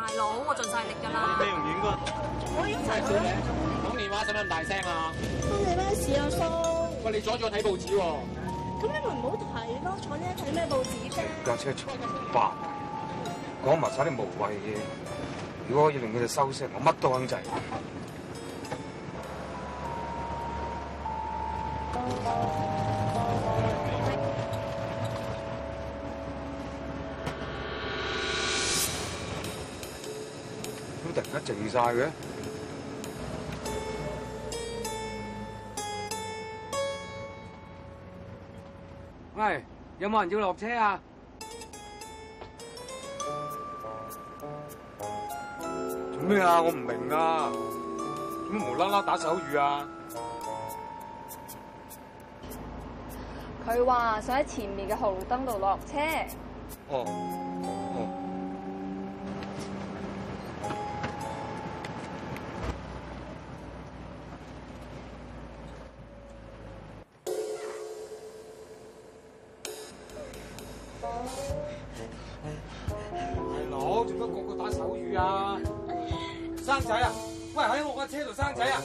大佬，我盡曬力㗎啦！美容院㗎，我一齊做嘅。講電話使唔使咁大聲啊？關你咩事啊，叔？喂，你阻住我睇報紙喎！咁你咪唔好睇咯，坐呢睇咩報紙啫？架車坐八，講埋曬啲無謂嘢。如果可以令佢哋收聲，我乜都肯制。而家靜曬嘅。喂，有冇人要落車啊？做咩啊？我唔明啊！點解無啦啦打手語啊？佢話想喺前面嘅紅綠燈度落車。哦。仲乜個個打手語啊？生仔啊？喂，喺我架車度生仔啊？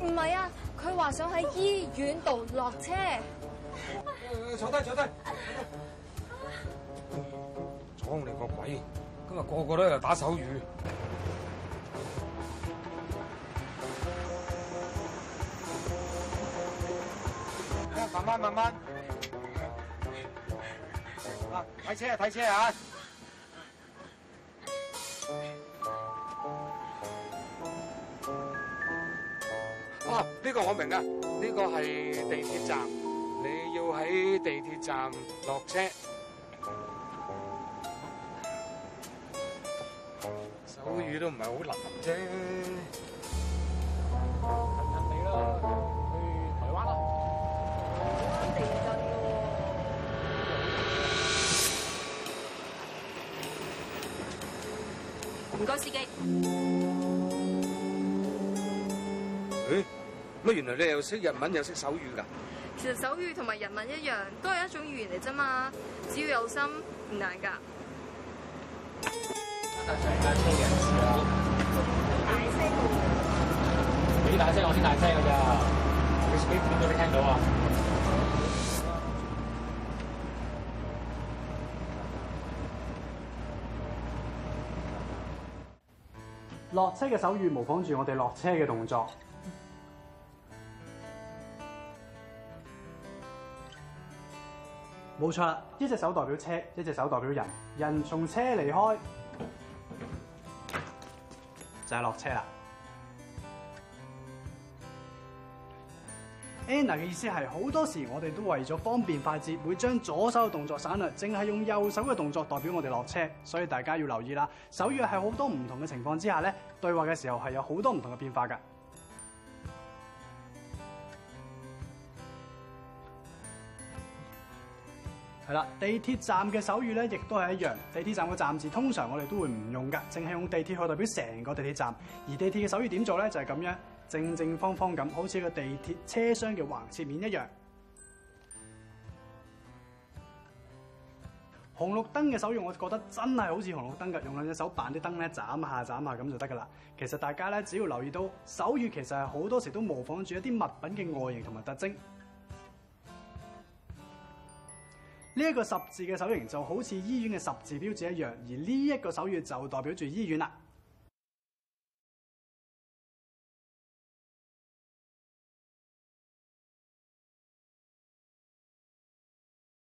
唔係啊，佢話想喺醫院度落車。坐低坐低，坐你個、啊、鬼！今日個個都喺度打手語。啊、慢慢慢慢，啊，睇車，車啊，睇車啊！呢個我明啊，呢個係地鐵站，你要喺地鐵站落車。手語都唔係好難啫，勤勤力啦，去台灣啦。台灣地鐵站喎，唔該司機。誒？乜原來你又識日文又識手語㗎？其實手語同埋日文一樣，都係一種語言嚟啫嘛。只要有心，唔難㗎。大聲我先大聲㗎咋？你識唔識啊？落車嘅手語，模仿住我哋落車嘅動作。冇錯啦，一隻手代表車，一隻手代表人。人從車離開，就係落車啦。Anna 嘅意思係，好多時我哋都為咗方便快捷，會將左手嘅動作省略，淨係用右手嘅動作代表我哋落車。所以大家要留意啦，手語係好多唔同嘅情況之下咧，對話嘅時候係有好多唔同嘅變化噶。係啦，地鐵站嘅手語咧，亦都係一樣。地鐵站個站字通常我哋都會唔用㗎，淨係用地鐵去代表成個地鐵站。而地鐵嘅手語點做咧，就係咁樣正正方方咁，好似個地鐵車廂嘅橫切面一樣。紅綠燈嘅手語，我覺得真係好似紅綠燈㗎，用兩隻手扮啲燈咧，眨下眨下咁就得㗎啦。其實大家咧，只要留意到手語，其實係好多時都模仿住一啲物品嘅外形同埋特徵。呢個十字嘅手型就好似醫院嘅十字標誌一樣，而呢一個手語就代表住醫院了。